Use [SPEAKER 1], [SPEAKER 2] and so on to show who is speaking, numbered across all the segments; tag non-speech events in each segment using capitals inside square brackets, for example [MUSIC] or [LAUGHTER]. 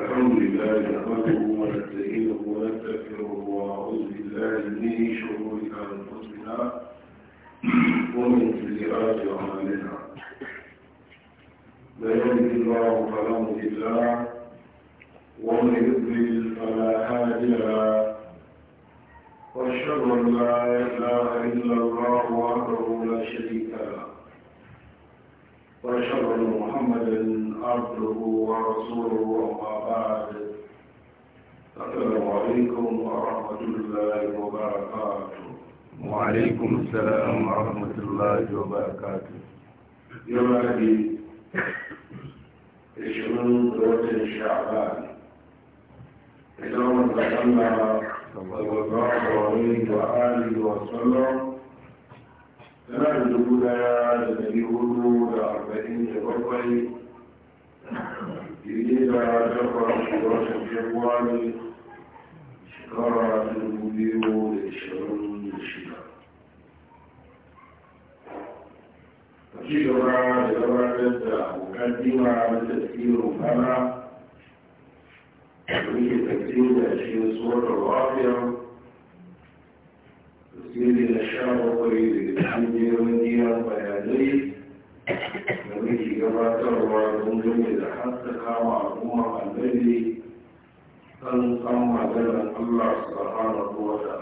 [SPEAKER 1] الحمد لله نحمده ونستعينه ونستغفره ونعوذ بالله من شرور انفسنا ومن سيئات اعمالنا لا يهده الله فلا مضل له ومن يضلل فلا هادي له واشهد ان لا اله الا الله وحده لا شريك له واشهد ان محمدا عبده ورسوله وما بعد السلام عليكم ورحمة الله وبركاته وعليكم السلام ورحمة الله وبركاته
[SPEAKER 2] يا مهدي
[SPEAKER 1] اشمن دوت الشعبان إذا من تسمى صلى الله عليه وآله وسلم tana da dubu daya da dari إلى جبر الشرطة الجواني شكرا المدير للشرون الشكر شكرا لجبرت مقدمة لتذكير فما وهي تكتير في صورة الواقع تسجيل الشعر الطويل بالحمد والديار والعزيز domin gabatarwa don gane da haskakawa al'ummar annabi san san maganar Allah su subhanahu wa ta'ala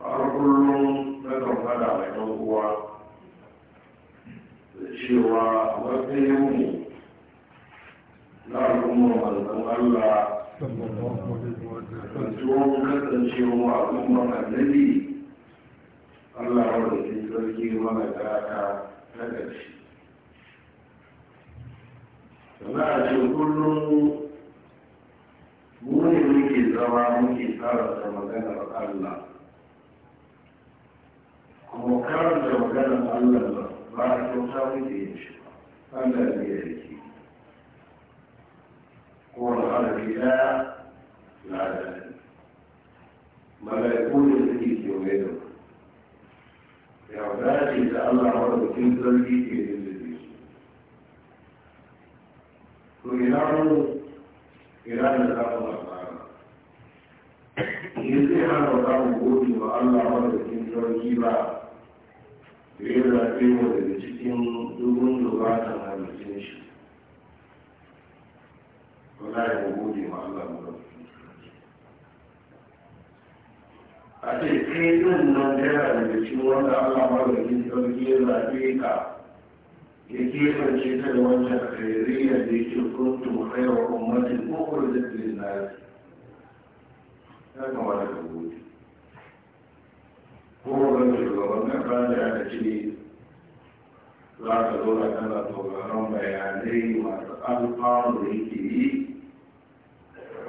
[SPEAKER 1] har kullum na kan fada mai ɗan uwa da cewa wata matsayin mu na al'ummar manzon Allah kan tuwon kasancewa al'ummar annabi Allah wanda ke sarki mana gata ta ƙarshe. Sana a cikin kullum mu ne muke zama muke karanta maganar Allah. Kuma karanta maganar Allah ba a kyauta muke yin shi ba. Allah ne ya yake. na da mala'iku ne suke kewaye yarda ce da Allah wa bikin sarki ke lullube su to ina mu ina da za mu tsara zai hana za mu gode wa Allah wa bikin sarki ba da ya zaɓe mu daga cikin dubun dubatan halittun shi. Wala ya gode wa Allah mu a ce kai din nan yana da cikin wanda Allah magani sauki ya zaɓe ka ya kebance ta da wancan khairiyya da yake kuntum khairu ummatin ukhrijat lin-nas ya kamata ka gode ko wannan shugaban kasa da aka ce za ka zo da kana sauraron bayanai masu alfanu da yake yi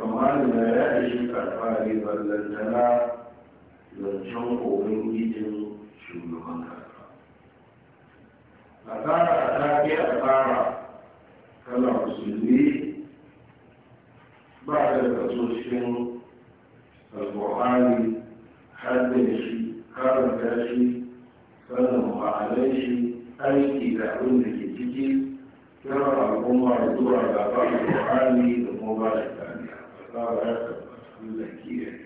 [SPEAKER 1] amma da ya ishi karfa ne ballantana zancen ubangijin shugaban kasa asara a ta a tsara kala musulmi ba da kasoshin alkuhari haddin shi karanta shi sannan ma'anan shi aiki da abin da ke ciki kiran al'umma zuwa ga alkuhari da kuma ba da kariya asara ya tabbata da kiyaye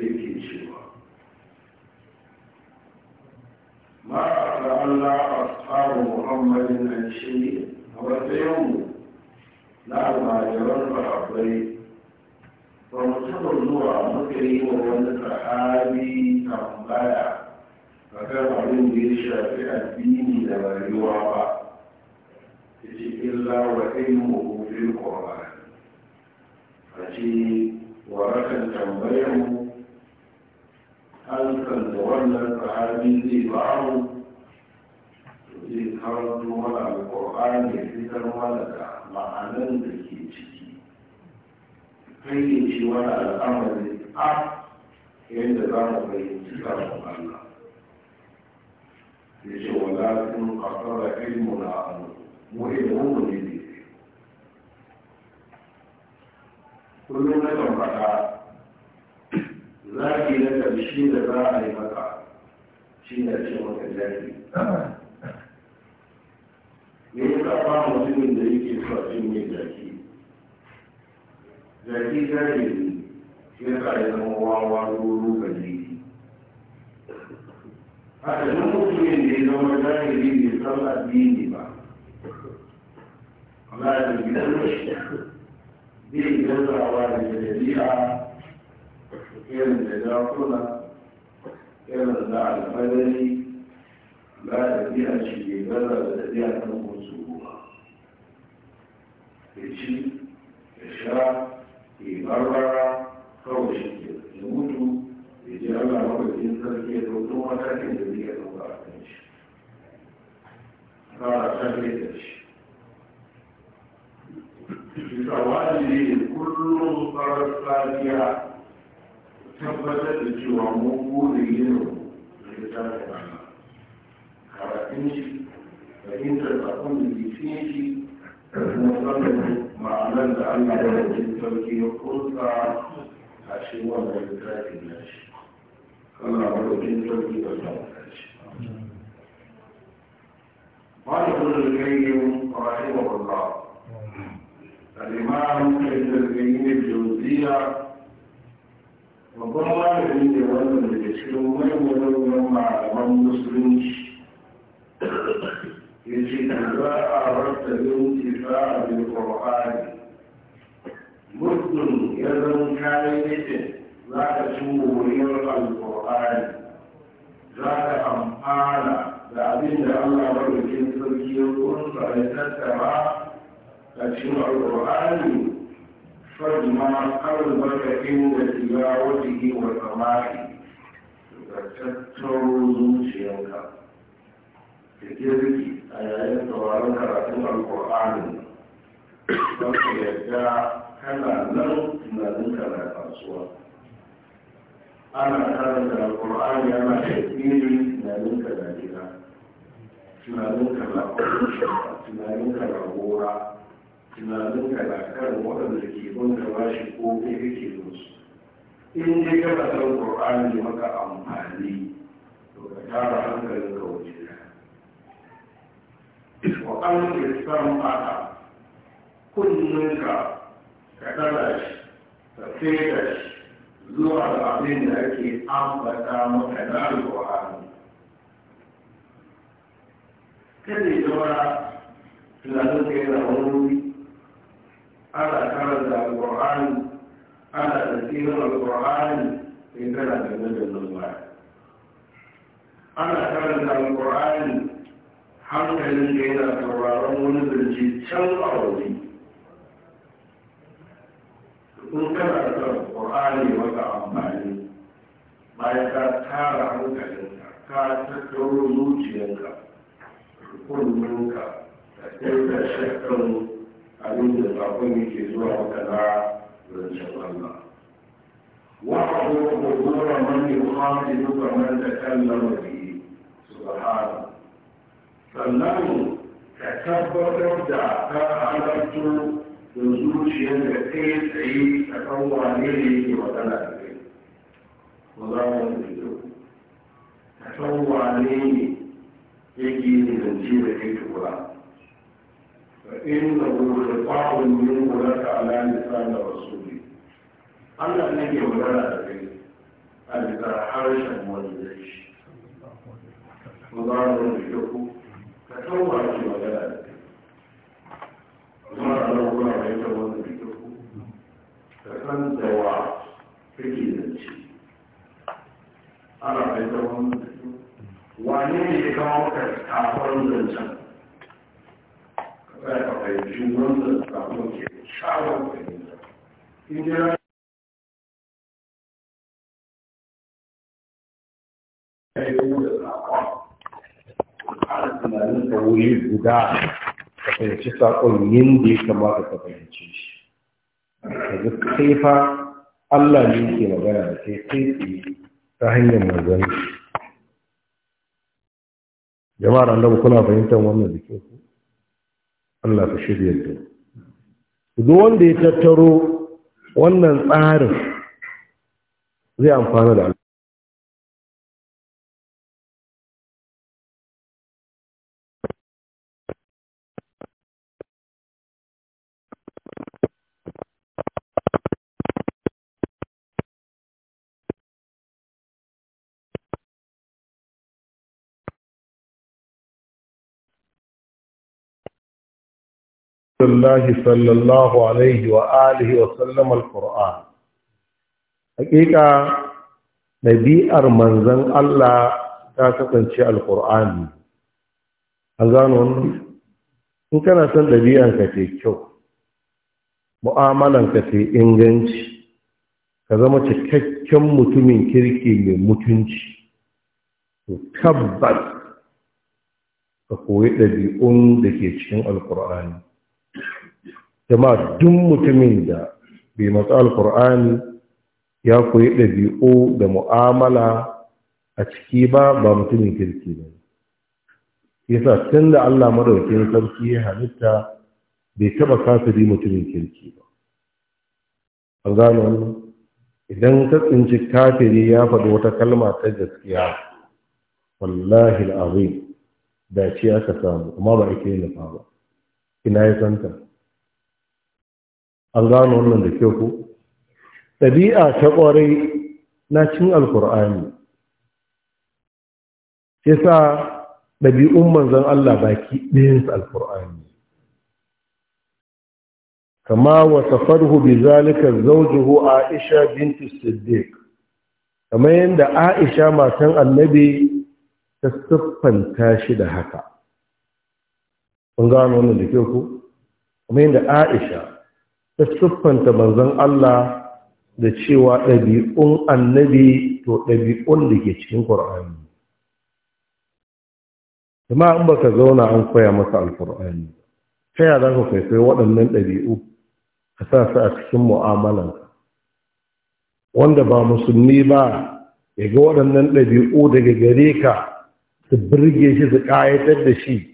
[SPEAKER 1] yake ma a Allah a tsarin muhammadin nan shi a matsayin na almajiran sahabbai ba mu taɓa zuwa muka yi wa wani sahabi tambaya a kan abin da ya shafi addini da rayuwa ba ta ce illa wa ilmu fil qur'an a ce warakan tambayar mu harkar da wannan sahabi zai ba mu zai karanto mana alƙur'ani ya fitar mana da ma'anan da ke ciki kai ne ce wani al'amari a yadda za mu fahimci karin Allah ya ce wala sun kasara ilmu na hannu mu ilmu mu ne ne kullum na kan faɗa zaki na ƙarshe da za a yi maka shi ne ce maka jaki me ya kafa mutumin da yake so a cinye jaki jaki jaki ne ya sa ya zama wawa ruru ga jiki haka nan mutumin da ya zama jahili bai san addini ba Allah ya tafi da shi bai gazawa da jari'a irin da dakuna irin da alfadari ba da biya shi da biya ta kuma ya ci ya sha ya barbara kawai shi ke ya mutu ya ji allah sarki ya matakin da biya a kan shi da shi bisa wajibi kullum farar lafiya tabbatar da cewa mun gode yin da ya tafi rana karatun shi fahimtar sakon da ke cikin shi da kuma sanin ma'anar da allah ya rage sauki ya kusa a cikin wannan littafin na shi allah ya rage sauki da sauka shi قال ابن القيم رحمه الله الإمام ابن القيم الجوزية babban malami ne wannan da ke cikin manyan malaman musulunci ya ce da za a rasta yin tifa a bin ƙwarƙari ya zama kayan yake za ka ci moriyar alƙwarƙari za ka amfana da abin da allah maɗaukin sarki ya kunsa ya tattara a cikin alƙwarƙari فبما قلبك عند تلاوته وسماعه tattaro zuciyarka da girki a yayin sauraron karatun alkur'ani don yadda kana nan tunaninka na kasuwa ana karanta alkur'ani ana tafiye tunaninka na gida tunaninka na tunaninka na gora tunanin ka na kan waɗanda ke bin ka ba shi ko kai kake musu in dai ka ba san qur'ani maka amfani to ka tara hankalin ka waje wa an ke san mata kullun ka ka dala shi ka feda shi zuwa ga abin da ake ambata maka na alƙur'ani kada ya zama tunanin ka yana wani ana karanta alƙur'ani ana tasirin alƙur'ani in tana da nazarin baya ana karanta alƙur'ani hankalin da yana sauraron wani zance can a waje in kana da alƙur'ani wata amfani bayan ka tara hankalinka ka tattaro zuciyarka kullumka da ɗauka shakkan abin da sakon yake zuwa wata na zancen Allah. Wa'adu hudura man yuhadidu kamar da kallama bihi subhanahu. Sannan ka tabbatar da ka halartu da zuciyar da kai tsaye a kan wane ne yake magana da kai. Ko za mu yi da Ka san wane ne yake zance da kai tukura. فإنه خطاب منه لك على لسان رسوله Allah ne ke magana da kai a bisa harshen wanda shi. Mu za mu da kyau ka tauba magana da kai. Kuma a nan kuna mai kyau wanda da san wa kake Ana mai kyau da ne ya kawo ka kafar sai wannan da guda ka fahimci saƙon yin da ya kamata ka fahimci shi ji kai fa Allah ne yake magana da kai kai tsaye ta hanyar manzon jama'ar annabi kuna fahimtar wannan da ke ku Allah ka shirya da duk wanda ya tattaro wannan tsarin zai amfana da الله صلى الله عليه وآله وسلم القرآن حقيقة in kana son ɗabi'anka ce kyau mu'amalanka ce inganci ka zama cikakken mutumin kirki mai mutunci to tabbas ka koyi ɗabi'un da ke cikin alkur'ani jama'a duk mutumin da bai matsa alkur'ani ya koyi ɗabi'u da mu'amala a ciki ba ba mutumin kirki ne yasa tun da Allah madaukin sarki ya halitta bai taɓa kafiri mutumin kirki ba A gano idan ka tsinci kafiri ya faɗi wata kalma ta gaskiya wallahi al'azim da ce aka samu amma ba ake yin nufa ba ina ya santa an gano wannan da ke ku ɗabi'a ta ƙwarai na cin alkur'ani ya sa ɗabi'un manzan Allah baki ɗayansu alkur'ani kama wata farhu bi zalika zaujuhu aisha bintu siddiq kama yadda aisha matan annabi ta siffanta shi da haka kun gano wannan da ke ku Kama yadda aisha ta siffanta manzon Allah da cewa ɗabi'un annabi to ɗabi'un da ke cikin ƙur'ani an in ka zauna an koya masa alƙur'ani ta yaya za ka kwaifai waɗannan ɗabi'u ka sa su a cikin mu'amalanka wanda ba musulmi ba ya ga waɗannan ɗabi'u daga gare ka su birge shi su ƙayatar da shi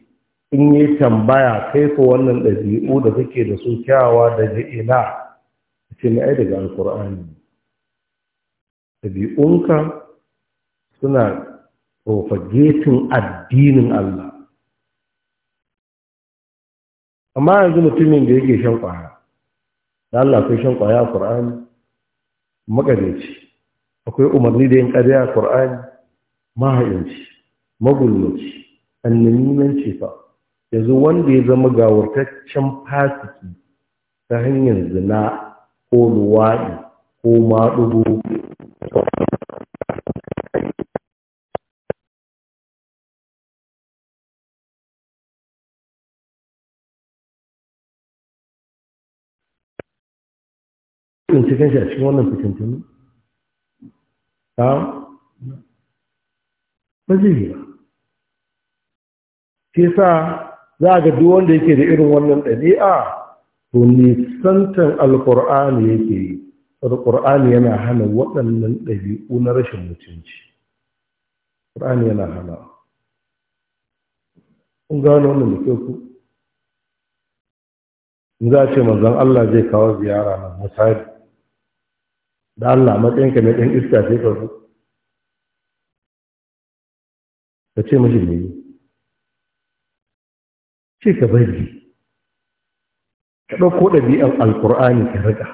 [SPEAKER 1] in yi tambaya kai ko wannan ɗabi'u da kake da su kyawa daga ina ce mai ai daga alkur'ani ɗabi'unka suna propagating addinin Allah amma yanzu mutumin da yake shan ƙwaya da Allah shan ƙwaya a ƙur'ani akwai umarni da yin ƙarya a ƙur'ani maha'inci magulmaci annaminanci fa yanzu wanda ya zama gawartaccen fasiki ta hanyar zina ko luwaɗi ko maɗugo
[SPEAKER 2] in cikin shi a cikin wannan fitintunu? ta?
[SPEAKER 1] ba zai yi ba. sa za ga duk wanda yake da irin wannan ɗabi'a to nisantan alkur'ani yake yi alkur'ani yana hana waɗannan ɗabi'u na rashin mutunci alkur'ani yana hana kun gano wannan da ke ku in za a ce manzan Allah zai kawo ziyara na misali da Allah matsayinka na ɗan iska sai ka zo ka ce mashi ne sai ka bari ka ɗauko ɗabi'ar Alƙur'ani ka raga.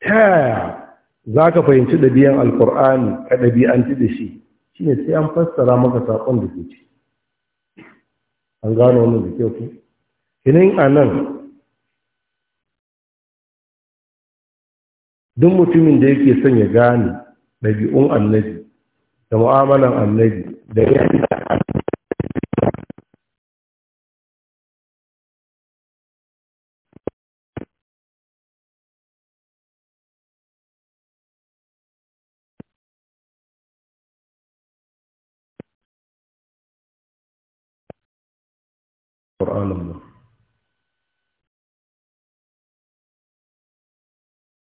[SPEAKER 1] ta yaya za ka fahimci ɗabi'ar Alƙur'ani ka ɗabi'anci da shi Shi ne sai an fassara maka saƙon da ke ci an gano wani da kyau ku kinin a nan duk mutumin da yake son ya gane ɗabi'un annabi da mu'amalan annabi da yanayi
[SPEAKER 2] Kur'an'inmu.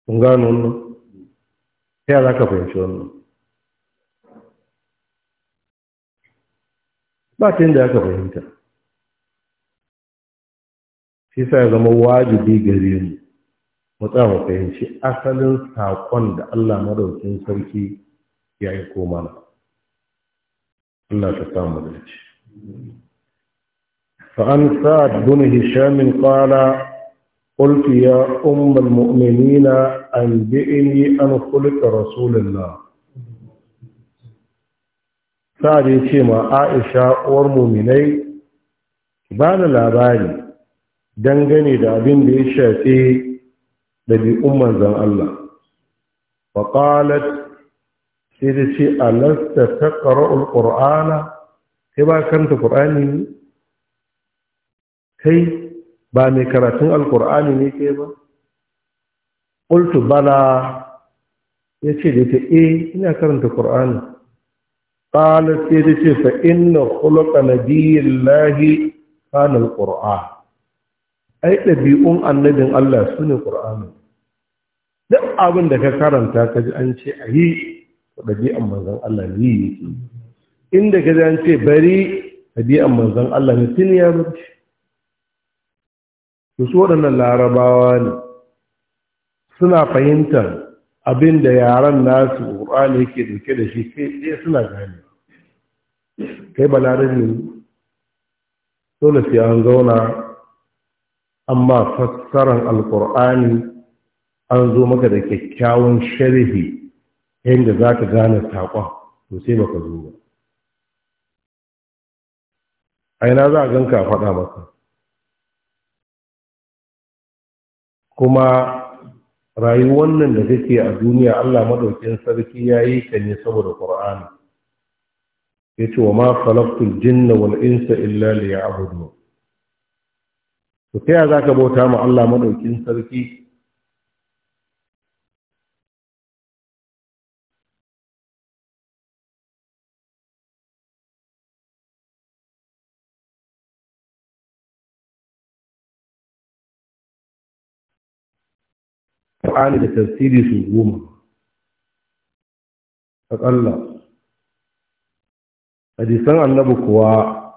[SPEAKER 2] Kun gano wannan?
[SPEAKER 1] Ya za ka fahimci wannan? Ba ta yadda aka fahimta. Shi sa ya zama wajibi gare mu, mu tsama fahimci asalin saƙon da Allah madaukin sarki ya yi mana. Allah ta samu da shi. فعن سعد بن هشام قال قلت يا أم المؤمنين أنبئني أن خلق رسول الله سعد يتيما عائشة والمؤمنين ba da labari dangane da abin da ya shafi ɗabi'un manzan Allah. Faƙalat sai da ce alasta sai ba kanta ƙur'ani ne? kai ba mai karatun alkur'ani ne ke ba ƙultu bala ce da ta e eh, ina karanta ƙur'ani ƙalar sai da ce fa inna khuluqa lahi kana alqur'an ai ɗabi'un annabin Allah sune ƙura'ani duk abin da ka karanta ka ji an ce a yi ɗabi'an manzan Allah ne yi inda ka ji an ce bari ɗabi'an manzan Allah ne tun ya bar su su waɗannan larabawa ne suna fahimtar abin da yaran nasu ƙur'ani yake dauke da shi sai ɗaya suna gane kai balarin ne dole sai an zauna amma fassaran alƙur'ani an zo maka da kyakkyawan sharhi yadda za ka gane saƙon to sai baka zo ba a ina za a ganka a faɗa maka kuma rayuwar nan da take a duniya Allah madaukin sarki yayi ta ne saboda Qur'ani yace wa ma khalaqtul jinna wal insa illa liya'budun to kai zaka bauta ma Allah madaukin sarki
[SPEAKER 2] Ƙur'ani da tafsiri su goma
[SPEAKER 1] aƙalla hadisan annabi kuwa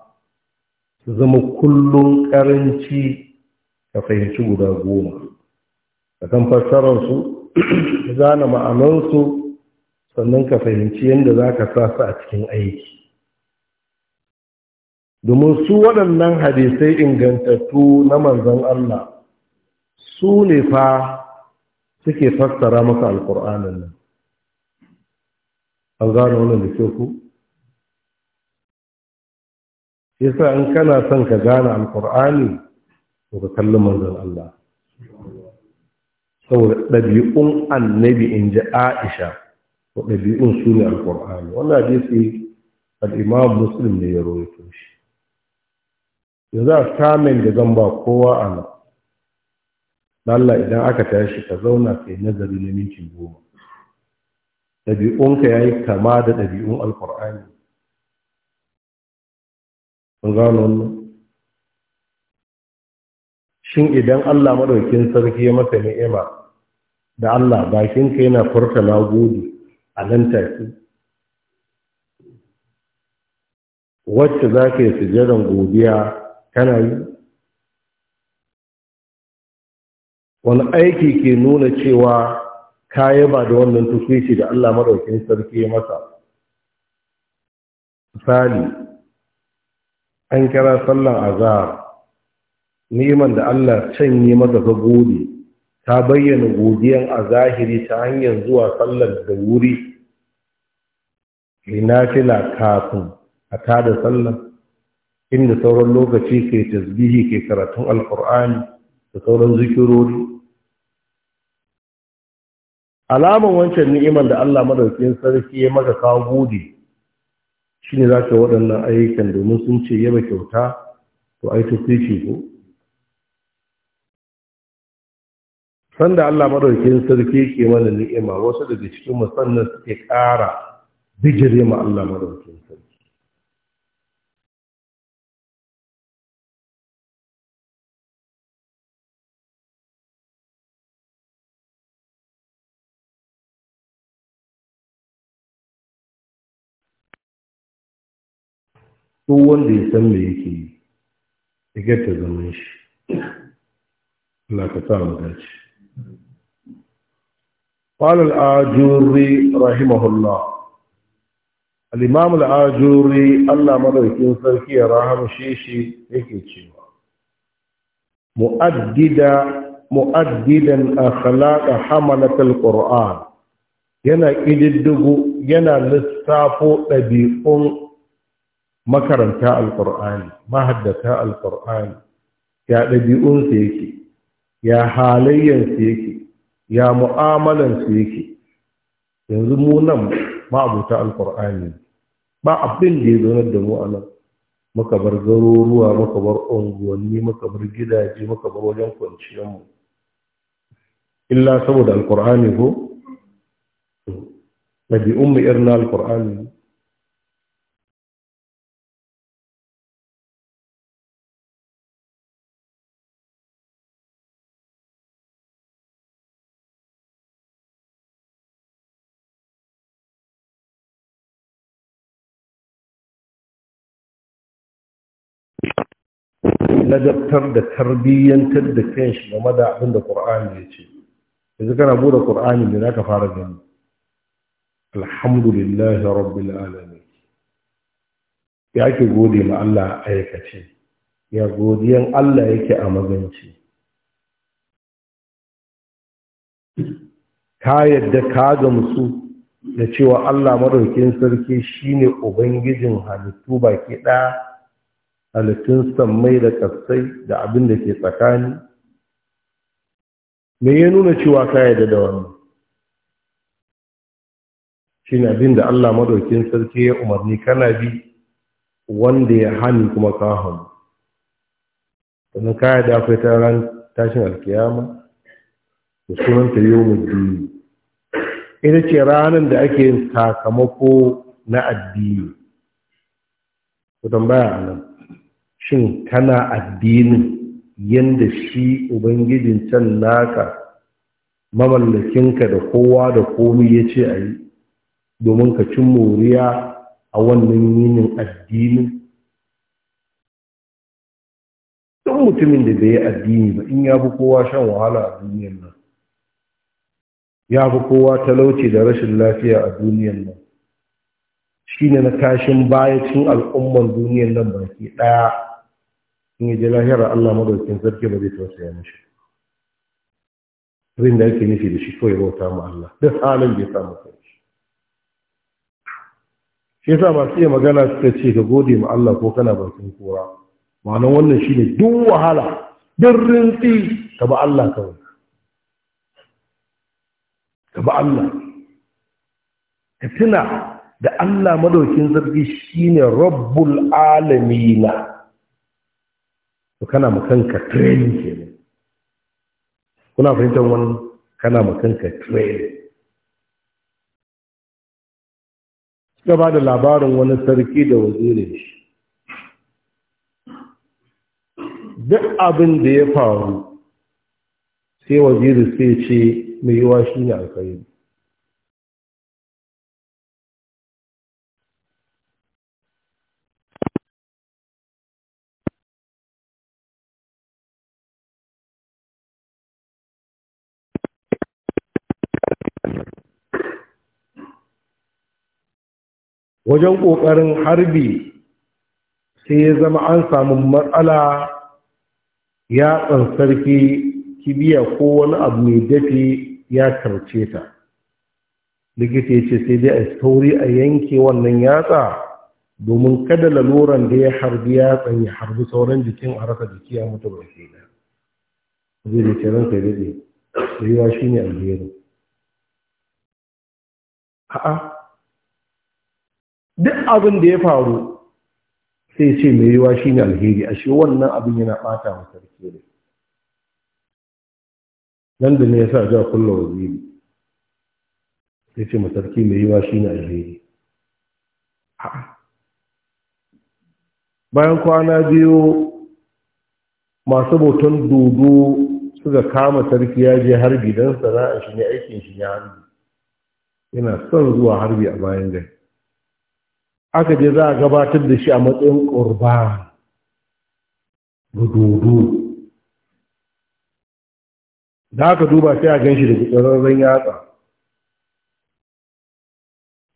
[SPEAKER 1] su zama kullum ƙaranci ka fahimci guda goma ka kan fassararsu ka gane ma'anarsu sannan ka fahimci yadda za ka sa su a cikin aiki domin su waɗannan hadisai ingantattu na manzon Allah su ne fa suke fassara maka alƙur'anin nan an gano wannan da kyau ku yasa in kana son ka gane alƙur'ani to ka kalli manzon Allah saboda ɗabi'un annabi in ji Aisha to ɗabi'un su ne alƙur'ani wannan hadisi al-Imam Muslim ne ya rawaito shi yanzu a samun da zan ba kowa a nan Allah idan aka tashi ka zauna kai nazari na minti goma ɗabi'unka ya yi kama da ɗabi'un alkur'ani sun gano wannan shin idan Allah maɗaukin sarki ya masa ni'ima da Allah bakinka yana furta nagode a nan take wacce za ka yi sujadan godiya kana yi wani aiki ke nuna cewa kayi ba da wannan tufici da Allah maɗaukin sarki masa misali an kira sallan azhar neman da Allah can canye masa ka gode ta bayyana godiyan a zahiri ta hanyar zuwa sallar da wuri inafila kafin a tada sallar inda sauran lokaci ke tasbihi ke karatun alkur'ani da sauran zikirori alaman wancan ni'imar da Allah madaukakin sarki ya maka kawo gode shine zaka waɗannan ayyukan domin sun ce yaba kyauta to ai tufici ko sanda Allah madaukakin sarki ke mana ni'ima wasu daga cikin musannan suke ƙara bijire ma Allah madaukakin duk wanda ya san me yake yi ya gata zaman shi Allah ka sa mu dace قال الآجوري رحمه الله الإمام الآجوري الله مدركين سركي راهم شيشي يكي تشيوا مؤددا مؤددا أخلاق حملة القرآن yana ƙididdigo yana lissafo ɗabi'un makaranta alƙur'ani mahaddata alƙur'ani ya ɗabi'unsa yake ya halayyansu yake ya mu'amalansu yake yanzu mu nan ma'abuta alƙur'ani ba abin da ya zaunar da mu a nan muka bar garuruwa muka bar unguwanni muka bar gidaje muka bar wajen kwanciyarmu illa saboda alƙur'ani ko ɗabi'un mu irin na ne. ladabtar da tarbiyyantar da kanshi game da abin da ƙur'ani ya ce yanzu kana bude da ne ka fara gani ya rabbi alamin ya ke gode ma Allah aikace ya godiyan Allah yake a maganci ka yadda ka gamsu da cewa Allah madaukin sarki shine ubangijin halittu baki ɗaya halittun sammai da kasai da abin da ke tsakani me ya nuna cewa ka da dawani shi ne abin da Allah madaukin sarki ya umarni kana bi wanda ya hani kuma kahun hannu sannan kayan da akwai ta ran tashin alkiyama da ta yau muddini ita ce ranar da ake sakamako na addini ku tambaya a nan shin kana addinin yanda shi ubangijin can naka mamallakinka da kowa da komi ya ce a yi domin ka cin moriya a wannan yinin addini don mutumin da bai yi addini ba in ya fi kowa shan wahala a duniyar nan ya fi kowa talauci da rashin lafiya a duniyar nan shi ne na kashin bayacin al'umman duniyar nan baki ɗaya in ya lahira Allah madaukin sarki ba zai tausaya mishi abin da yake nufi da shi ya bauta mu Allah duk halin bai samu kai shi yasa masu iya magana suka ce ka gode ma Allah ko kana bakin kura ma'anar wannan shine duk wahala duk rintsi ka ba Allah kawai ka ba Allah ka tuna da Allah madaukin sarki shine rabbul alamina to kana ma kanka training kenan kuna fahimtar wani kana mu kanka training suka ba da labarin wani sarki da wazirin shi duk abin da ya faru sai waziri sai ce mai yiwa shi ne alkhairi wajen ƙoƙarin harbi sai ya zama an samu matsala yatsan sarki kibiya ko wani abu mai dafi ya tarce ta likita ya ce sai dai a sauri a yanke wannan yatsa domin kada laluran da ya harbi yatsan ya harbi sauran jikin a rasa jiki a mutu ba ke da zai da ce ranka daɗe shi ne a'a duk abin da ya faru sai ce mai yiwa shi ne alheri a shi wannan abin yana ɓata wa sarki ne nan da ne ya sa ja kulla waziri sai ce ma sarki mai yiwa shi ne alheri bayan kwana biyu masu bautan dodo suka kama sarki ya je harbi don sana'a shi ne aikin shi ya harbi yana son zuwa harbi a bayan gari aka je za a gabatar da shi a matsayin ƙurba dodo da aka duba sai a gan shi da tsararren yatsa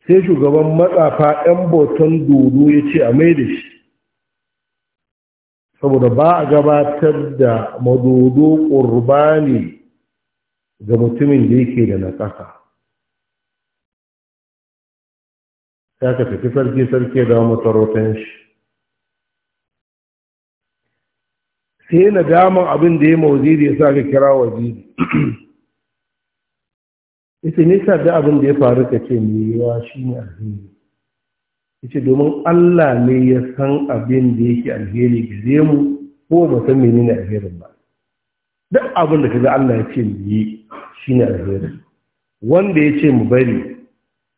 [SPEAKER 1] sai shugaban matsafa 'yan boton dodo ya ce a mai da shi saboda ba a gabatar da madodo ne ga mutumin da yake da na ƙasa ya ka tafi sarki sarki ya dawo masarautan shi sai na daman abin da ya da ya sa ka kira waje. ita nisa da abin da ya faru ka ce yawa shi ne alheri ita domin allah ne ya san abin da yake alheri gare mu ko ba san ne alherin ba duk abin da ka ga allah ya ce mu yi shi ne alherin wanda ya ce mu bari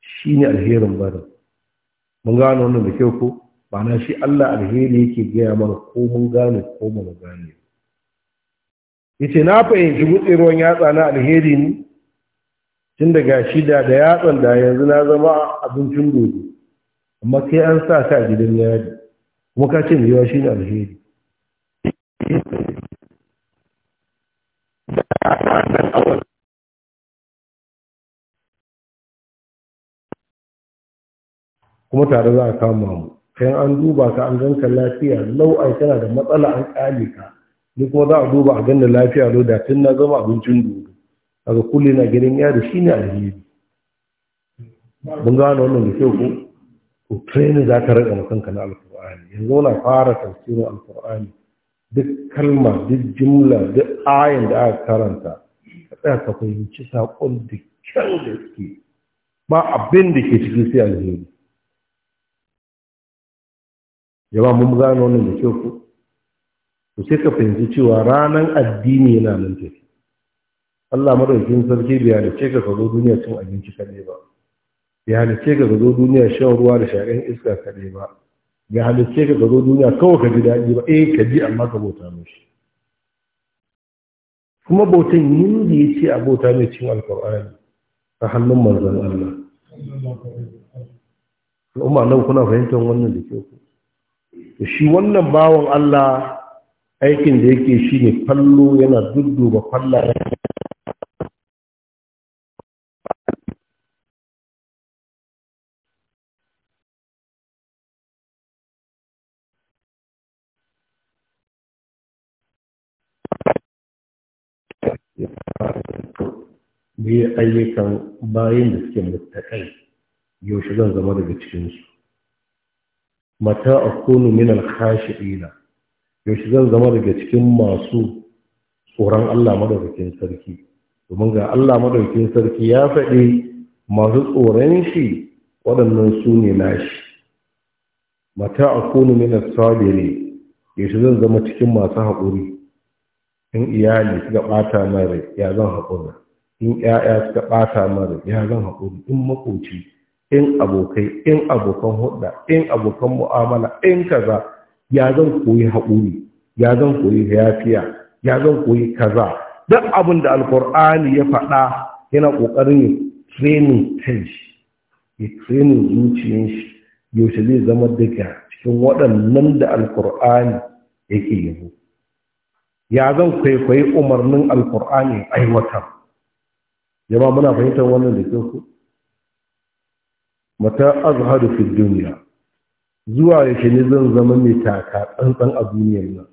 [SPEAKER 1] shi ne alherin barin mun gane wannan da kyau ko mana shi Allah alheri yake gaya mana ko mun gane ko mun gane yace na fahimci ruwan yatsa na alheri ne tun daga shida da yatsan da yanzu na zama abincin dodo amma sai an sa ta gidan yari kuma ka ce mai yawa ne alheri kuma tare za a kama mu kai an duba ka an ganka lafiya lau ai tana da matsala an kale ka ni kuma za a duba a ganna lafiya lau da tun na zama abincin gobe daga kulle na gidan yaro ne alheri mun gano wannan da kyau ko to training za ka rika kanka na alkur'ani yanzu na fara tafsirin alkur'ani duk kalma duk jumla duk ayin da aka karanta ka tsaya ka fahimci saƙon da kyau da ke. ba abin da ke cikin sai alheri jama mun gano wannan da kyau ku to sai ka fahimci cewa ranan addini yana nan tafi Allah madaukin sarki bai da ce ka zo duniya cin abinci kaɗai ba bai halice ce ka zo duniya shan ruwa da shaƙan iska kaɗai ba bai halice ce ka zo duniya kawai ka ji daɗi ba eh ka ji amma ka bauta mishi kuma bautan yindi ya ce a bauta mai cin alƙur'ani ta hannun manzon Allah al'umma nan kuna fahimtar wannan da kyau shi wannan bawan Allah aikin da yake shi ne fallo yana dudduba falla da ayyukan bayan da suke mutakai yaushe zan zama daga cikinsu mata akunu min al-khashi'ina yaushe zan zama daga cikin masu tsoron Allah madaukakin sarki domin ga Allah madaukakin sarki ya faɗi masu tsoron shi waɗannan su ne nashi mata a kunu minal sabiri yaushe zan zama cikin masu haƙuri in iyali suka ɓata mara ya zan haƙuri. in ƴaƴa suka ɓata mara ya zan haƙuri in makoci in abokai in abokan hudda in abokan mu'amala in kaza ya zan koyi haƙuri ya zan koyi yafiya ya zan koyi kaza duk abin da alkur'ani ya faɗa yana ƙoƙarin training kanshi ya training zuciyar shi yaushe zai zama daga cikin waɗannan da alkur'ani yake yabo ya zan kwaikwayi umarnin alkur'ani aiwatar jama muna fahimtar wannan da kyau mata azharu fi duniya zuwa yake ne zan zama mai taka tsantsan a duniyar nan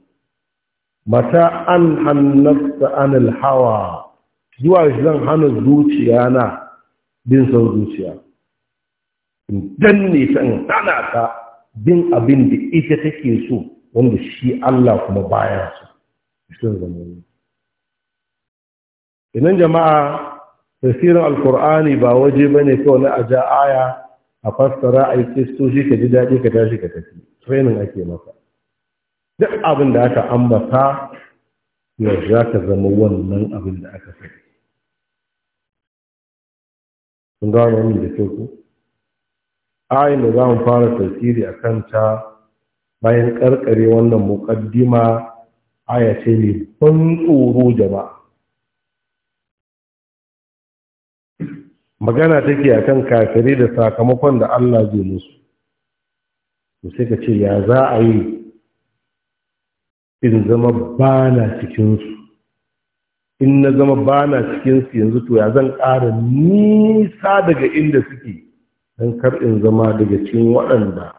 [SPEAKER 1] mata an hannafta an alhawa zuwa yake zan hana zuciya na bin sau zuciya in danne ta in ta bin abin da ita take so wanda shi Allah kuma baya su shi zama ne idan jama'a tafsirin alkur'ani ba waje bane kawai na aja aya a fassara a yi kistoshi ka ji daɗi ka tashi ka tafi training ake maka duk abin da aka ambata ya za ka zama wannan abin da aka sai sun gano wani da kyau ku ayin da za mu fara tasiri a kan ta bayan karkare wannan muƙaddima aya ce mai ban tsoro jama'a magana take akan kafiri da sakamakon da Allah zai musu to sai ka ce ya za a yi in zama bana cikin su in na zama bana cikin su yanzu to ya zan ƙara nisa daga inda suke dan kar in zama daga cikin waɗanda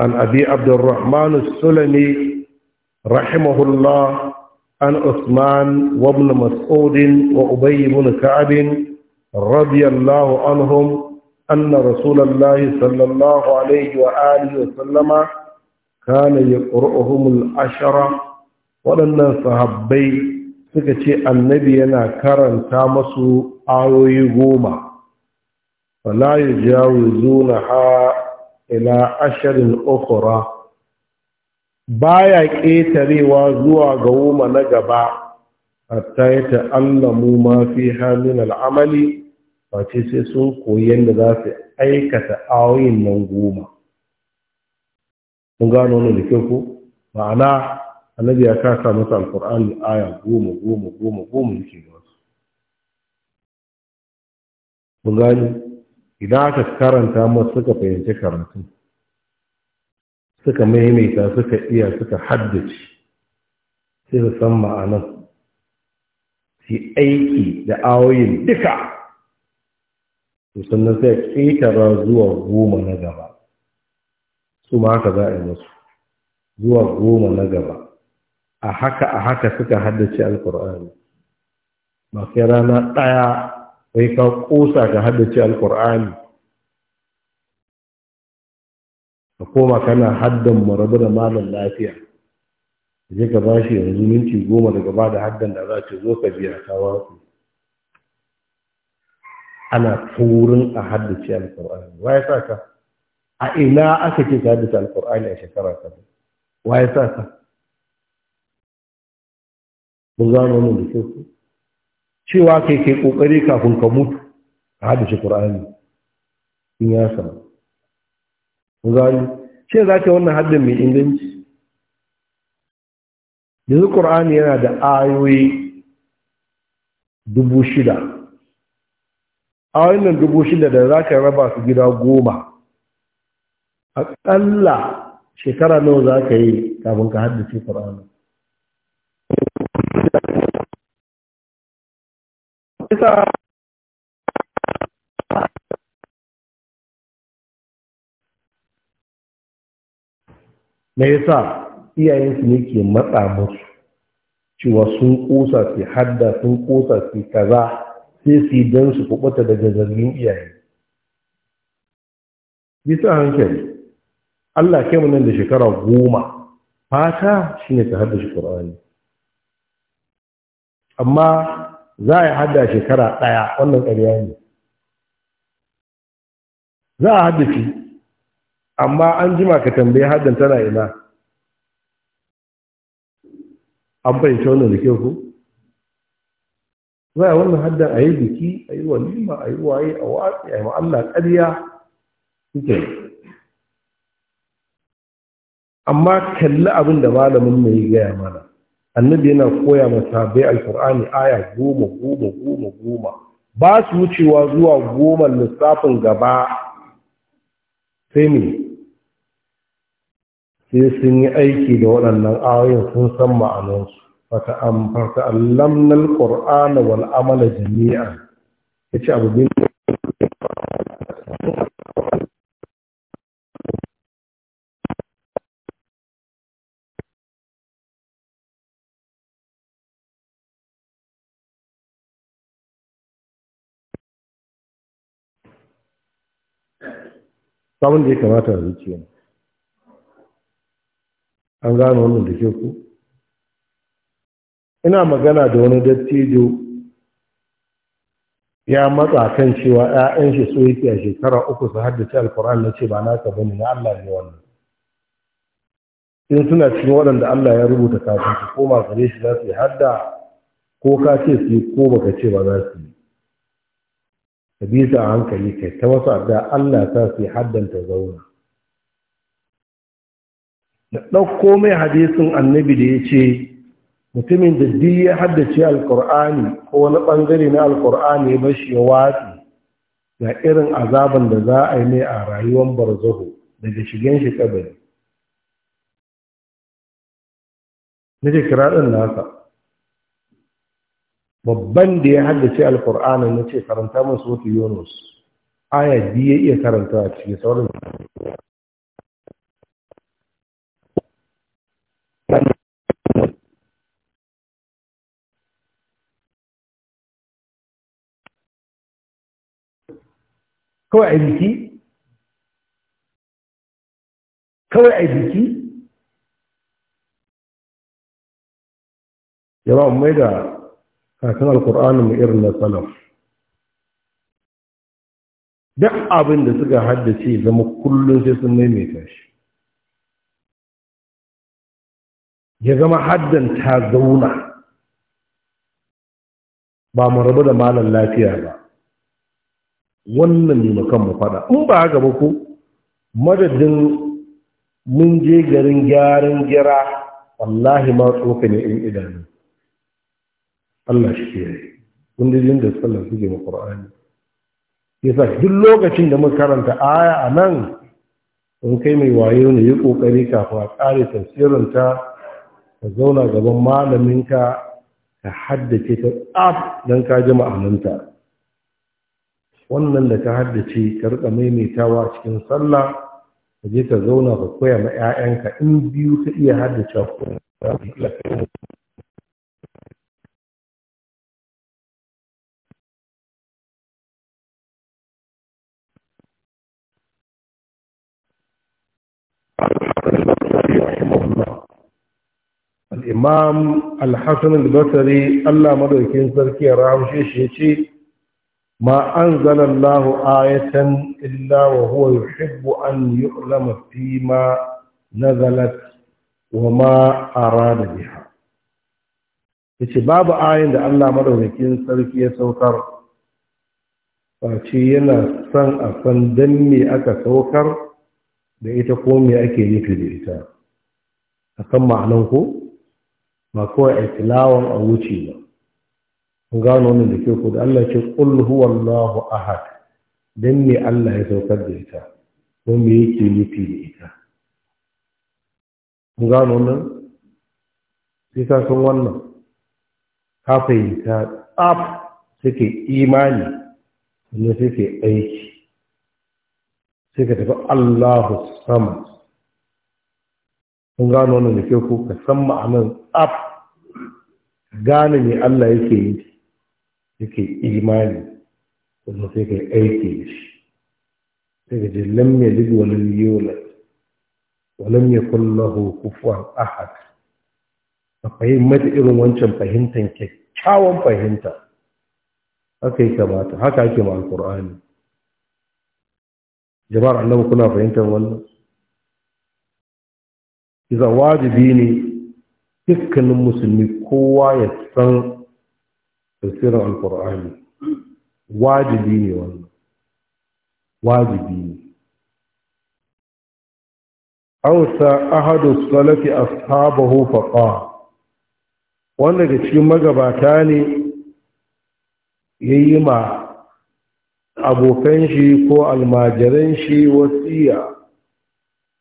[SPEAKER 1] عن أبي عبد الرحمن السلمي رحمه الله عن عثمان وابن مسعود وأبي بن كعب رضي الله عنهم أن رسول الله صلى الله عليه وآله وسلم كان يقرأهم العشرة ولن صحابي suka ce annabi yana karanta masu ayoyi goma fala ya jawo zuna ha ila ashirin okura baya ƙetarewa zuwa ga goma na gaba hatta ya ta'allamu ma fi hamin al'amali ce sai sun koyi yadda za su aikata ayoyin nan goma mun gano wani da ku? ma'ana annabi ya kasa masa alkur'ani aya goma goma goma goma yake ba su mun gano idan aka karanta masu suka fahimci karatu suka maimaita suka iya suka haddace sai su san ma'anan su aiki da awoyin duka su sannan sai ƙetara zuwa goma na gaba su ma haka za a yi musu zuwa goma na gaba a haka a haka suka haddace alkur'ani masu sai rana ɗaya sai ka kosa ka haddace alkur'ani ka koma kana haddan marabu da malam lafiya je ka ba shi yanzu minti goma daga ba da haddan da za ce zo ka biya ta waku ana turin a haddace alkur'ani wa ya sa ka a ina aka ce ka haddace alkur'ani a shekara ta wa ya sa ka mun gano wannan da kyau cewa kai kai kokari kafin ka mutu a haddace qur'ani in ya samu ku gani ce za ka wannan haddin mai inganci yanzu qur'ani yana da ayoyi dubu shida ayoyin nan dubu shida da za ka raba su gida goma A ƙalla shekara nawa za ka yi kafin ka haddace qur'ani bisa me yasa iyayensu ne ke matsa musu cewa sun kosa su hadda sun kosa su kaza sai su yi don su kubuta daga zargin iyaye bisa hankali Allah ke nan da shekara goma fata shine ta hadda shi Qur'ani amma za a yi hadda shekara ɗaya wannan ƙarya ne za a haddace amma an jima ka tambaye haddan tana ina an fahimci wannan da ku za a wannan haddan a yi biki a yi walima a yi waye a watsi a yi ma'alla ƙarya suke amma kalli abin da malamin mai gaya mana annabi yana koya masa bai alkur'ani aya goma goma goma goma ba su wucewa zuwa goma lissafin gaba sai ne sai sun yi aiki da waɗannan ayoyin sun san ma'anarsu fata amfata allamnal qur'ana wal amala jami'a yace abu bin sabon da ya kamata a zuciya an gano wannan da ke ku ina magana da wani dattijo ya matsa kan cewa 'ya'yan shi so yake a shekara uku su haddace alkur'an na ce ba naka bane na Allah ne wannan in suna cikin waɗanda Allah ya rubuta kafin su koma gare shi za su yi hadda ko ka ce su yi ko baka ce ba za su yi ka bi a hankali kai ta wasu adda Allah ta su haddanta zauna da ɗauko mai hadisin annabi da ya ce mutumin da duk ya haddace alkur'ani ko wani ɓangare na alkur'ani ya shi ya watsi ga irin azaban da za a yi mai a rayuwar barzaho daga shigen shi kabari na kira ɗin nasa babban da ya haddace alkur'ani na ce karanta min sotu yunus aya biye ya iya karanta a ciki sauran
[SPEAKER 2] kawai a biki kawai a
[SPEAKER 1] yawan mai da kakan alkur'ani mu irin na salaf duk abin da suka haddace zama kullum sai sun maimaita shi ya zama haddan ta zauna ba mu rabu da malam lafiya ba wannan ne kan mu faɗa in ba haka ba ko madadin mun je garin gyaran gira wallahi ma tsoka ne in idanu Allah shi ke yi kundin da sallar suke ma Ya yasa duk lokacin da muka karanta aya a nan in kai mai wayo ne yi ƙoƙari kafin a ƙare tafsirinta ka zauna gaban malaminka ka haddace ta tsaf don ka ji ma'ananta wannan da ka haddace ka rika maimaitawa cikin sallah ka je ka zauna ka koya ma 'ya'yanka in biyu ka iya haddace ku al'imam al-hassan al-basari allah madaukin sarki ya rahamshe shi ce ma an zalallahu ayatan illa wa huwa yuhibbu an yu'lama fi ma nazalat wa ma arada biha yace babu ayin da Allah madaukakin sarki ya saukar face yana san a san dan me aka saukar da ita ko me ake nufi da ita akan ma'anan ko ba kawai a tilawan a wuce ba kun gano wannan da ke ku da Allah ce qul huwallahu ahad dan ne Allah ya saukar da ita ko me yake nufi da ita kun gano wannan sai ka san wannan ka fahimta tsaf suke imani sannan suke aiki sai ka tafi Allahu sama. kun gano wannan da ke ku ka san ma'anar tsaf gane me Allah yake yi yake imani kuma sai ka aiki shi sai ka je lam yalid wa lam yulad wa lam yakul lahu kufuwan ahad ka fahimta irin wancan fahimtar kyakkyawan fahimta haka yi kamata haka yake ma alkur'ani jama'ar annabi kuna fahimtar wannan iza wajibi ne dukkanin musulmi kowa ya san tafsirin alkur'ani wajibi ne wannan wajibi ne ausa ahadu salafi ashabahu faqa wanda ga cikin magabata ne yayi ma abokan shi ko almajiran shi wasiya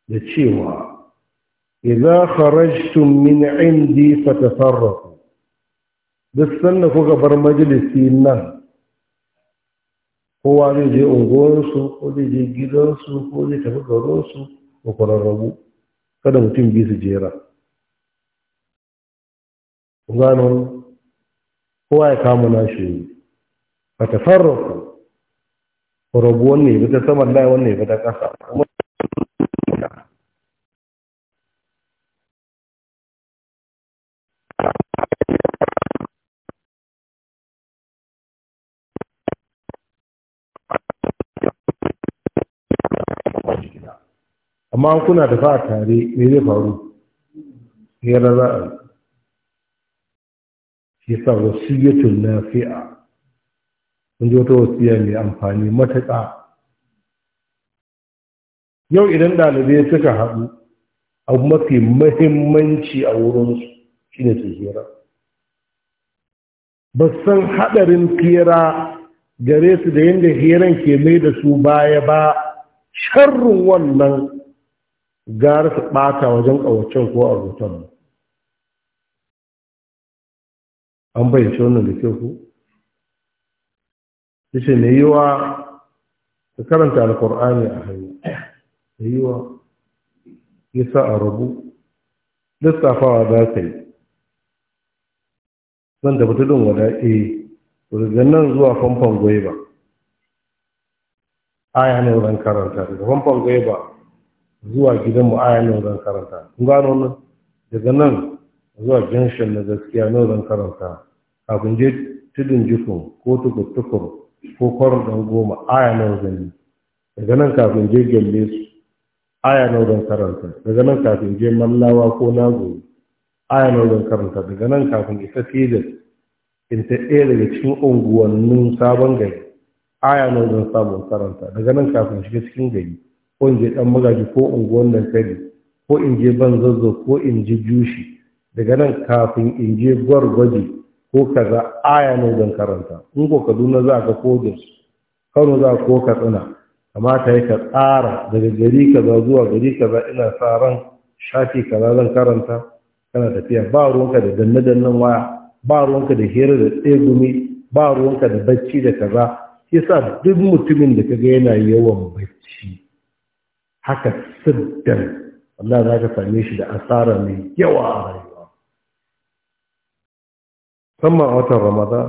[SPEAKER 1] da cewa idza kharajtum min indi fatafarraqu duk sanda kuka bar majalisi nan kowa zai je unguwarsu ko zai je gidansu ko zai tafi garinsu ko kwararrabu kada mutum bi su jera gano kowa ya kama nashi ne a tafarraku rabu wannan ya fita saman layi wannan ya fita ƙasa amma an kuna tafa a tare me zai faru yana za a yi sa na nafi'a mun ji wata wasiya mai amfani matuƙa yau idan ɗalibai suka haɗu abu mafi mahimmanci a wurinsu shine su hira ba san haɗarin hira gare su da yadda hiran ke mai da su baya ba sharrun wannan gara su ɓata wajen ƙawacen ko a rutan an bayyace wannan da ke ku ya ce mai yiwa ka karanta alkur'ani a hanyar mai yiwa ya sa a rabu lissafawa za ka yi zan da fitulun wada e daga nan zuwa famfan gwaiba aya ne wurin karanta daga famfan gwaiba zuwa gidan mu'ayyana zan karanta kun gano nan daga nan zuwa junction na gaskiya na zan karanta kafin je tudun jikun ko tukur-tukur ko kwarudan goma aya nawa zan yi daga nan kafin je gyalle su aya nawa zan karanta daga nan kafin je mallawa ko nago aya nawa zan karanta daga nan kafin isa filin in ta ɗaya daga cikin unguwannin sabon gari aya nawa zan samun karanta daga nan kafin shiga cikin gari ko in je dan magaji ko unguwan nan kari ko in je ban zazzo ko in ji jushi daga nan kafin in je gwargwaji ko kaza aya ne don karanta in ko kaduna za ka ko da kano za ko katsina kamata ya ka tsara daga gari kaza zuwa gari kaza ina sa ran shafi kaza zan karanta kana tafiya ba ruwanka da danne-dannen waya ba ruwanka da hira da tsegumi ba ruwanka da bacci da kaza yasa duk mutumin da kaga yana yawan bacci haka siddar, Allah za ka same shi da asara mai yawa a rayuwa Samma a watan ramadan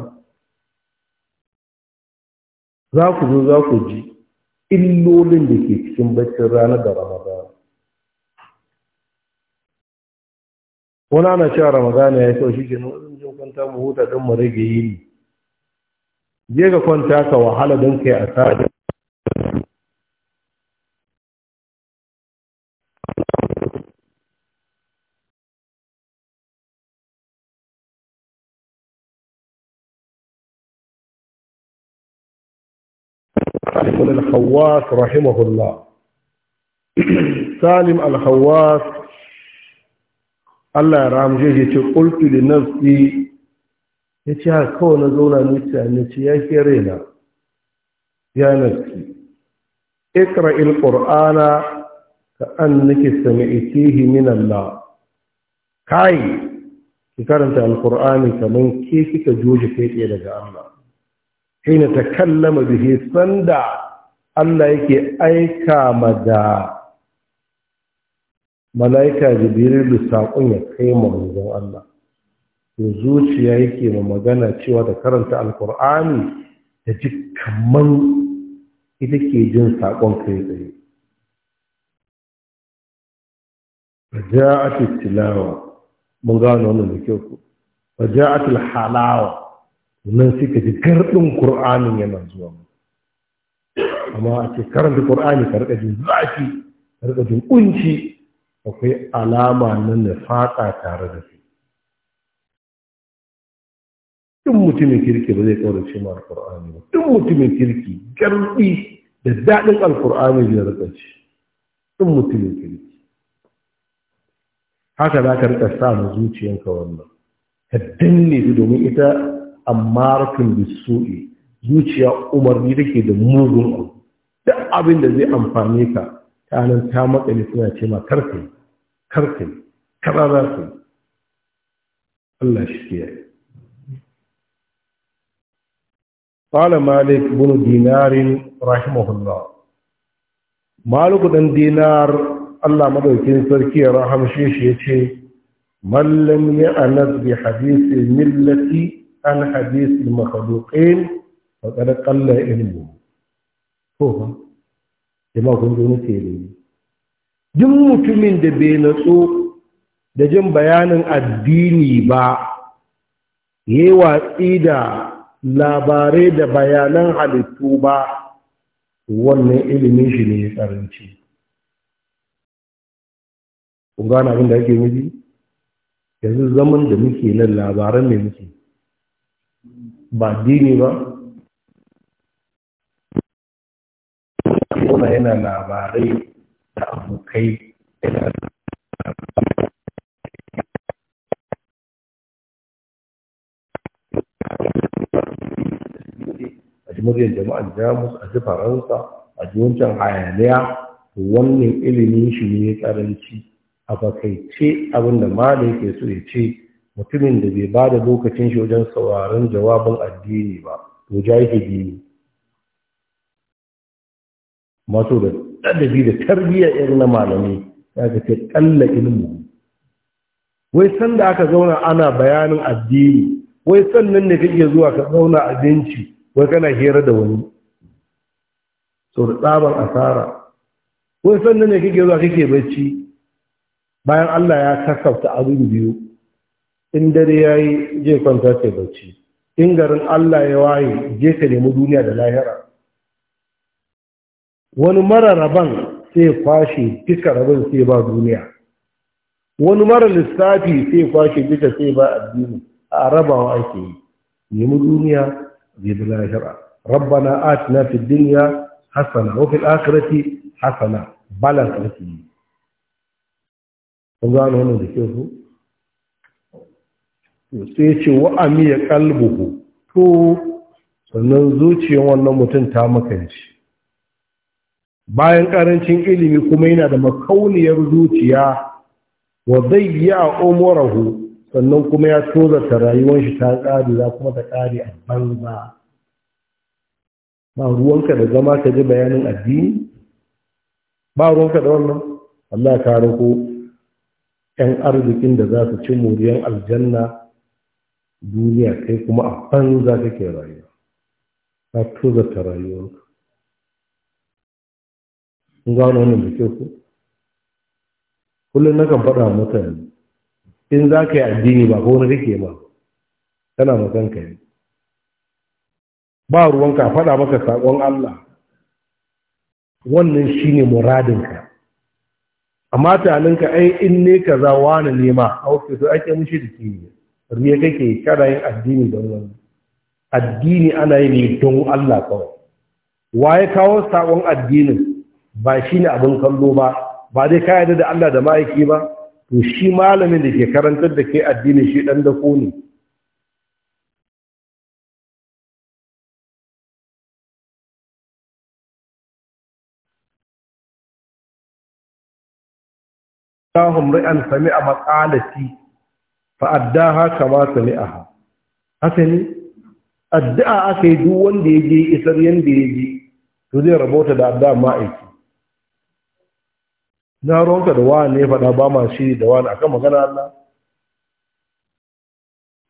[SPEAKER 1] za ku zo za ku ji illolin da ke cikin baccin ranar da ramadan wani ana cewa ramadan ya yi shi ke wajen jin kwanta mu huta don mu rage yini je ga kwanta ka wahala don kai asara بن الخواس رحمه الله
[SPEAKER 2] [CLEARS THROAT]
[SPEAKER 1] سالم الخواس الله يرحم جيجي قلت لنفسي yace haka kawai na zauna nuciya nuci ya ke raina ya nafi ikra il qur'ana ka an nake sami'tihi min Allah kai ki karanta alqur'ani kamar ke kika joje daga Allah hina takallama bihi sanda Allah yake aika ma da mala'ika da saƙon ya kai manzon Allah to zuciya yake ma magana cewa da karanta alkur'ani da ji kamar ita ke jin saƙon kai tsaye faja'at tilawa mun gano wannan da kyau ku faja'at halawa nan suka ji gardin qur'anin yana zuwa mu amma a ce karanta ƙur'ani ka riƙa jin zafi ka riƙa jin ƙunci akwai alama na nufaƙa tare da su ɗin mutumin kirki ba zai ce ma alƙur'ani ba ɗin mutumin kirki garbi da daɗin alƙur'ani zai riƙa ce ɗin mutumin kirki haka za ka riƙa sa mu zuciyanka wannan ka danne su domin ita marakin bisu'i zuciya umarni take da mugun abu duk abin da zai amfani ka ta ta matsale suna ce ma karfe karfe karara su Allah shi ke yi Fala Malik bin Dinarin Rahimahullah Malik dan Dinar Allah madaukin sarki ya rahamshe shi ya ce Man lam ya'nas bi hadisi millati an hadisi makhluqin faqad qalla ilmuhu ko ba jama'a kun ji wani ne duk mutumin da bai natsu da jin bayanin addini ba ya yi watsi da labarai da bayanan halittu ba wannan ilimin shi ne ya tsaranci kun gane abinda ake miji, yanzu zaman da muke nan labaran ne muke ba addini ba zauna yana labarai da abokai yana a ji jama'ar jamus a ji faransa a ji wancan hayaniya wannan ilimin shi ne karanci a bakaice abinda mala yake so ya ce mutumin da bai ba da lokacin shi wajen sauraron jawabin addini ba to jahili ne mato da ɗadabi da tarbiyyar irin na malami ya ka ce ƙalla ilmu wai sanda aka zauna ana bayanin addini wai sannan ne kake zuwa ka zauna a wai kana hira da wani sau da tsaban asara wai sannan ne kake zuwa kake bacci bayan Allah ya kasafta abin biyu in dare ya yi je kwanta ce bacci in garin Allah ya waye je ka nemi duniya da lahira wani mara rabon sai kwashe duka rabon sai ba duniya wani mara lissafi sai kwashe duka sai ba addini a rabawa ake yi nemi duniya zai bi lahira rabbana atina fi dunya hasana wa fil akhirati hasana balan ake yi kun gano wannan da ke su sai ce wa amiya kalbuhu to sannan zuciyar wannan mutum ta makanci bayan ƙarancin ilimi kuma yana da makauniyar zuciya wa zai yi a umarahu sannan kuma ya tozarta rayuwan shi ta ƙare za kuma ta ƙare a banza ba ruwanka da zama ka ji bayanin addini ba ruwanka da wannan Allah ta rako ‘yan arzikin da za su ci muriyan aljanna duniya kai kuma a banza kake rayuwa ta tozarta rayuwanka kun gano wannan da kyau ku kullum na kan faɗa mutane in za ka yi addini ba ko wani rike ba kana makan ka yi ba ruwanka faɗa maka saƙon Allah wannan shine muradinka amma tunaninka ai in ne ka za wani nema a wasu su ake mushi da ke kiyayya riya kake kada yin addini don wani addini ana yi ne don Allah kawai waye kawo sakon addinin ba shi ne abin kallo ba ba dai ka yarda da Allah da ma'aiki ba to shi malamin da ke karantar da ke addini shi dan dako ne Allahum ri'an sami'a maqalati fa addaha kama sami'aha asali addu'a aka yi duk wanda ya je isar yanda ya je to zai rabota da addu'a ma'aiki na ronka da wani ne faɗa ba ma shi da wani akan magana Allah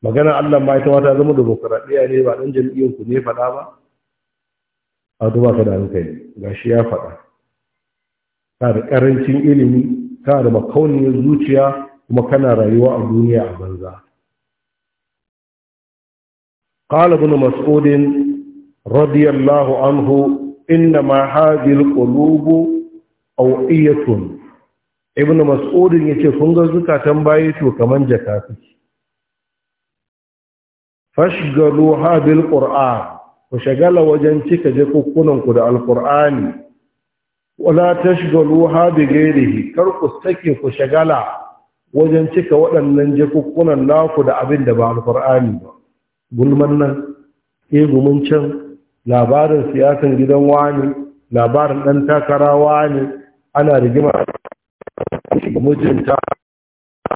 [SPEAKER 1] magana Allah ma ita wata zama demokuraɗiyya ne ba ɗan jam'iyyar ku ne faɗa ba a duba ka da hankali ga shi ya faɗa ka da ƙarancin ilimi ka da makauniyar zuciya kuma kana rayuwa a duniya a banza قال ابن مسعود رضي الله عنه إنما هذه القلوب أوئية ibn mas'udin yace kun ga zukatan baye to kaman jaka suke fashgaluha bil qur'an ku shagala wajen cika jakukkunan ku da alqur'ani wala tashgaluha bi ghairihi kar ku sake ku shagala wajen cika waɗannan jakukkunan naku da abin da ba alqur'ani ba gulman nan ke gumin can labarin siyasan gidan wani labarin dan takarawa ne ana rigima mijinta da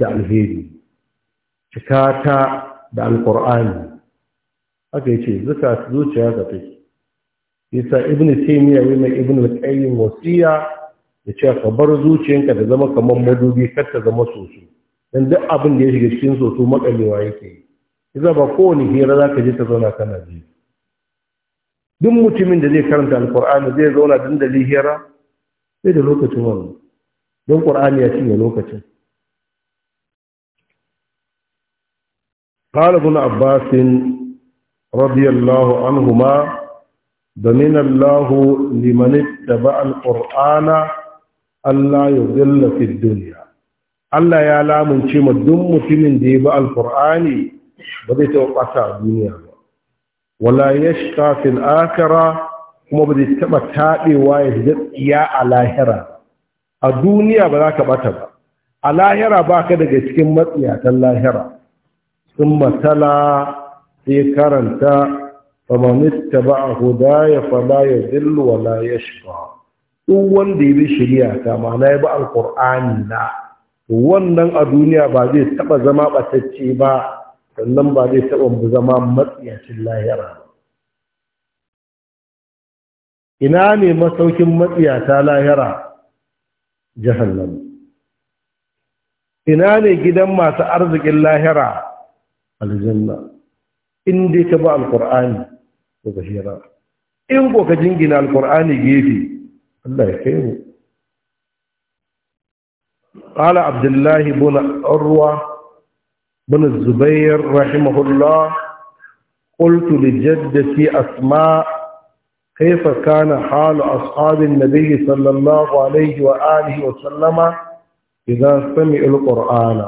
[SPEAKER 1] alheri cika ta da alkur'ani yi ce zuka zuciya ga take isa ibnu taymiya yayi mai ibnu al-qayyim wasiya da cewa ka bar zuciyanka da zama kamar madubi kar ta zama soso dan duk abin da ya shiga cikin soso makalewa yake yi idan ba kowane hira za ka je ta zauna kana ji duk mutumin da zai karanta alkur'ani zai zauna dandali hira sai da lokacin wannan don ƙur'ani ya cinye lokacin قال ابن عباس رضي الله عنهما بمن الله لمن اتبع القرآن Allah ya dilla fi duniya Allah ya lamunce ma duk mutumin da ya bi alqur'ani ba zai taɓa ɓata a duniya ba wala yashqa fil akhirah kuma ba zai taɓa taɓewa ya shiga a lahira a duniya ba za ka ɓata ba a lahira ba ka daga cikin matsiyatan lahira sun matala sai karanta famanin taba a hudaya fala ya dillu ya shiga duk wanda ya bi shari'a ta ma'ana ya bi alqur'ani na wannan a duniya ba zai taba zama batacce ba sannan ba zai taba zama matsiyacin lahira ina ne masaukin matsiyata lahira jahannam ina ne gidan masu arzikin lahira aljanna in dai ka ba alqur'ani ko ka shira in ko ka jingina alqur'ani gefe Allah ya kai mu قال عبد الله بن عروة بن الزبير رحمه الله قلت لجدتي أسماء كيف كان حال أصحاب النبي صلى الله عليه وآله وسلم إذا سمعوا القرآن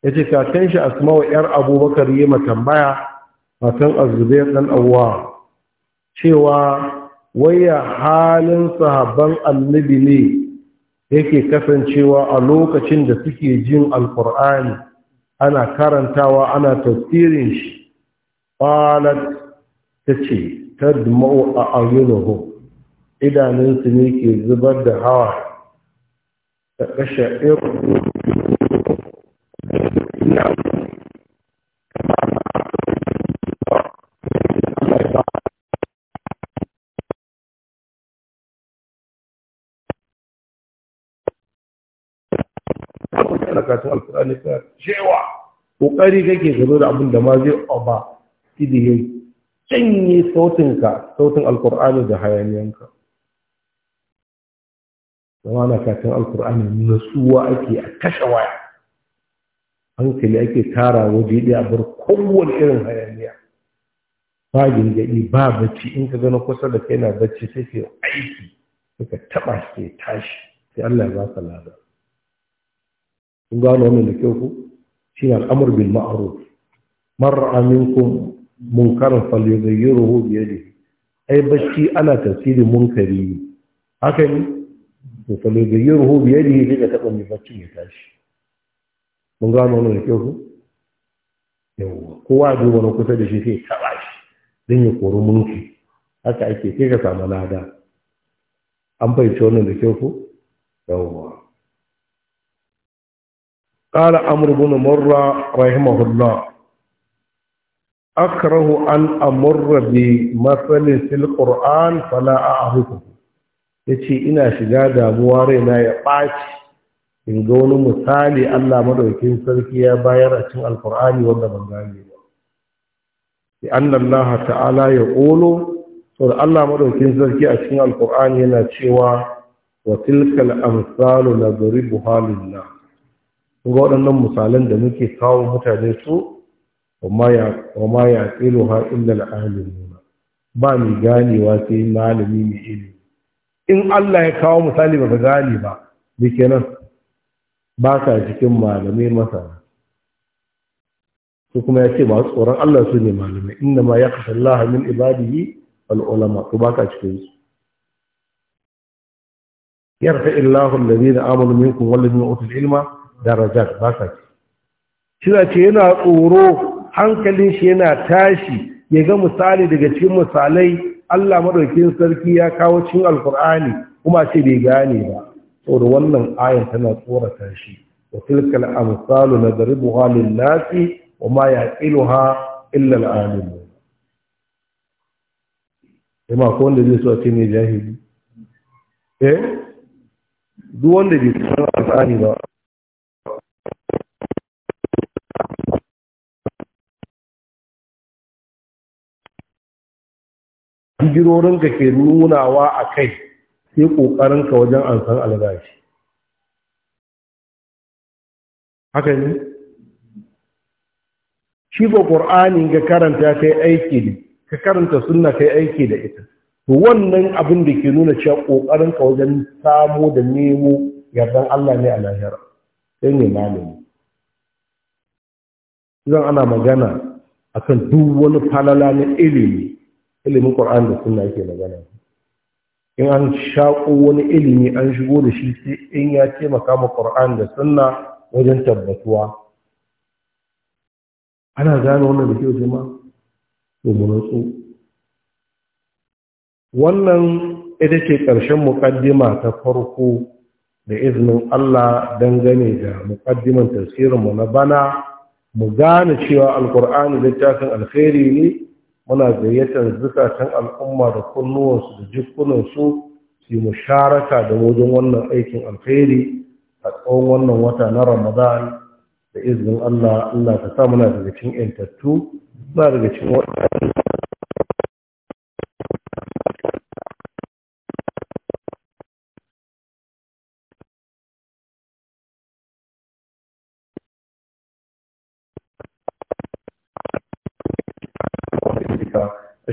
[SPEAKER 1] yace kakan shi asma'u yar abubakar yi tambaya matan azubair dan awwa cewa waya halin sahabban annabi ne yake kasancewa a lokacin da suke jin alkur'ani ana karantawa ana tafsirin shi ƙwalat ta ce tadma'u a ayyunahu idanunsu ne ke zubar da hawa ta kashe irin karatun alkur'ani ka cewa kokari kake gazo da abin da ma zai oba idiyai canye sautinka sautin alkur'ani da hayaniyanka zama na katin alkur'ani nasuwa ake a kashe waya hankali ake tara waje ɗaya a bar kowane irin hayaniya ba gingaɗi ba bacci in ka gano kusa da kai na bacci sai ke aiki suka taɓa shi tashi sai Allah ya ba ka lada kun gano wannan da kyau ku shine al'amur bil ma'aruf mar'a yi munkaran biyar bi yadihi ai bacci ana tafsirin munkari haka ne to falyughayyirhu bi yadihi daga taɓa mai bacci ya tashi mun gano wannan da kyau ku yawa kowa duba na kusa da shi sai taɓa shi don ya kori munki haka ake sai ka samu lada an fahimci wannan da kyau ku? yawwa قال عمرو بن مرة رحمه الله أكره أن أمر بمثل في القرآن فلا أعرفه yace ina shiga damuwa raina ya ɓaci in ga wani misali Allah madaukakin sarki ya bayar a cikin alkur'ani wanda ban gane ba bi anna Allah ta'ala ya qulu to Allah madaukakin sarki a cikin alkur'ani yana cewa wa tilkal amsalu nadribuha lin nas ga waɗannan misalan da muke kawo mutane su wa ma ya tsilo inda illa al'alimu ba mai ganewa sai malami mai ilimi in Allah ya kawo misali ba ga gane ba da nan ba ka cikin malamai masana su kuma ya ce masu tsoron Allah su ne malamai inda ma ya kasar lahamin min ibadihi al'ulama su ba ka cikin su yarfa illahu allazi da amanu minkum wallazi min ilma darajar ba sa ce. shi ce yana tsoro hankalin shi yana tashi ya ga misali daga cikin misalai Allah madaukin sarki ya kawo cikin alkur'ani kuma ce bai gane ba saboda wannan ayan tana tsorata shi wa tilkal amsalu nadribuha lin nasi wa ma yaqiluha illa al alim Ima ko wanda zai so a ce mai jahili eh duk wanda bai san alkur'ani ba
[SPEAKER 2] ka ke nunawa a kai
[SPEAKER 1] sai ƙoƙarinka wajen an san albashi haka ne shi ba ƙur'ani ga karanta kai aiki ne ka karanta sunna kai aiki da ita to wannan abin da ke nuna cewa ƙoƙarinka wajen samo da nemo yardan Allah ne a lahira sai ne malami zan ana magana akan duk wani falala na ilimi ilimin ƙwar'an da suna ke magana in an shaƙo wani ilimi an shigo da shi sai in ya taimaka wa ƙwar'an da suna wajen tabbatuwa ana gane wannan da kyau jama'a to mu nutsu wannan ita ce ƙarshen muƙaddima ta farko da izinin Allah gane da muƙaddiman tasirinmu na bana mu gane cewa alkur'ani littafin alkhairi ne muna gayyatar zukatan al'umma da kunnuwansu da jikunansu su yi musharaka da wajen wannan aikin alkhairi a tsawon wannan wata na ramadan da izinin allah allah ta sa muna daga cikin yantattu muna daga cikin wata